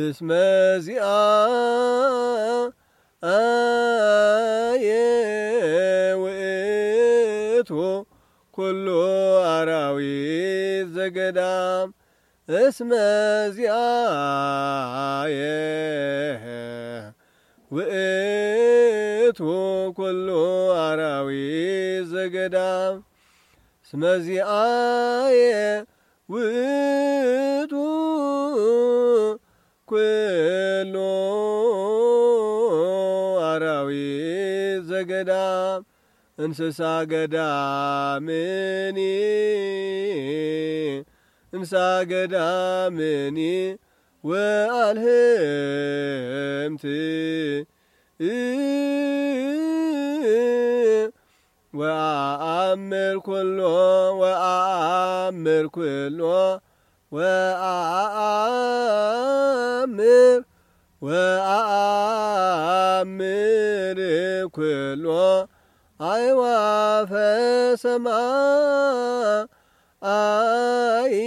እስመ ዚአ አየ ውእቱ ኩሉ አራዊት ዘገዳም እስመ ዚአ አየ ውእቱ ኩሉ አራዊት ዘገዳም እስመ ውእቱ ኩሎ አራዊ ዘገዳም እንስሳ ገዳምኒ እንስሳ ገዳምኒ ወአልህምት ወአአምር ኩሎ ወአአምር ኩሎ ወአአ አምር ወአምር ኩሎ አይዋፈ ሰማ አይ